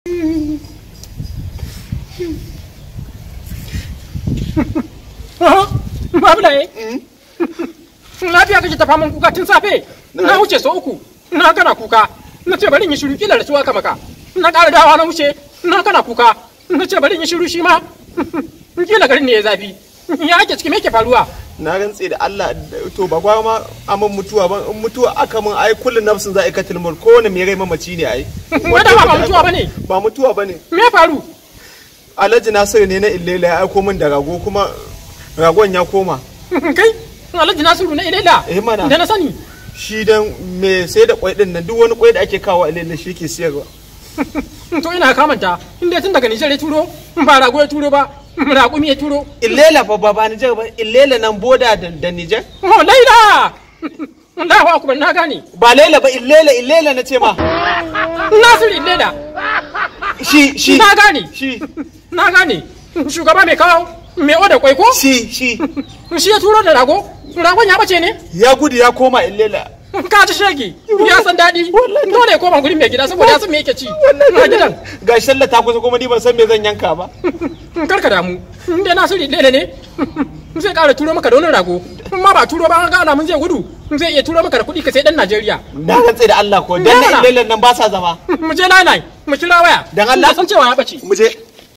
Eh? Hmm? Na biya kake ta faman kuka tun safe, na wuce so uku, na kana kuka, na ce bari in yi shiru kila da suwa kamaka, na ƙara dawa na wuce, na kana kuka, na ce bari in yi shiru shi ma, kila garin ne ya zafi, ya ake ciki me ke faruwa? na rantse da Allah to ba kwa ma amin mutuwa ba in mutuwa aka mun ai kullun nafsin za a katil mul ko wani mai rai mamaci ne ai wanda ba mutuwa bane ba mutuwa bane me faru alaji nasiru ne na illela ya aiko min da rago kuma ragon ya koma kai alaji nasiru na illela eh mana da na sani shi dan me sai da kwai din nan duk wani kwai da ake kawo illela shi ke siyarwa to ina kamanta inda tun daga Nijar ya turo ba rago ya turo ba raƙumi ya turo illela ba ba Nijar ba illela nan boda da je. oh laila Allahu akbar na gane ba laila ba illela illela na ce ma Nasiru illela shi shi na gane shi na gane shugaba mai kawo mai oda kwai ko shi shi shi ya turo da rago Rago ya bace ne ya gudu ya koma illela ka ci shagi ya san daɗi dole koma gurin mai gida saboda ya san me ci na gidan ga shalla ta kusa kuma ni ban san me zan yanka ba kar ka damu inda na suri lele ne zai ƙara turo maka da wani rago ma ba turo ba an ga mun zai gudu zai iya turo maka da kuɗi ka sai ɗan Najeriya na rantsa da Allah ko dan lele nan ba sa zama mu je nai mu kira waya dan Allah san cewa ya bace mu je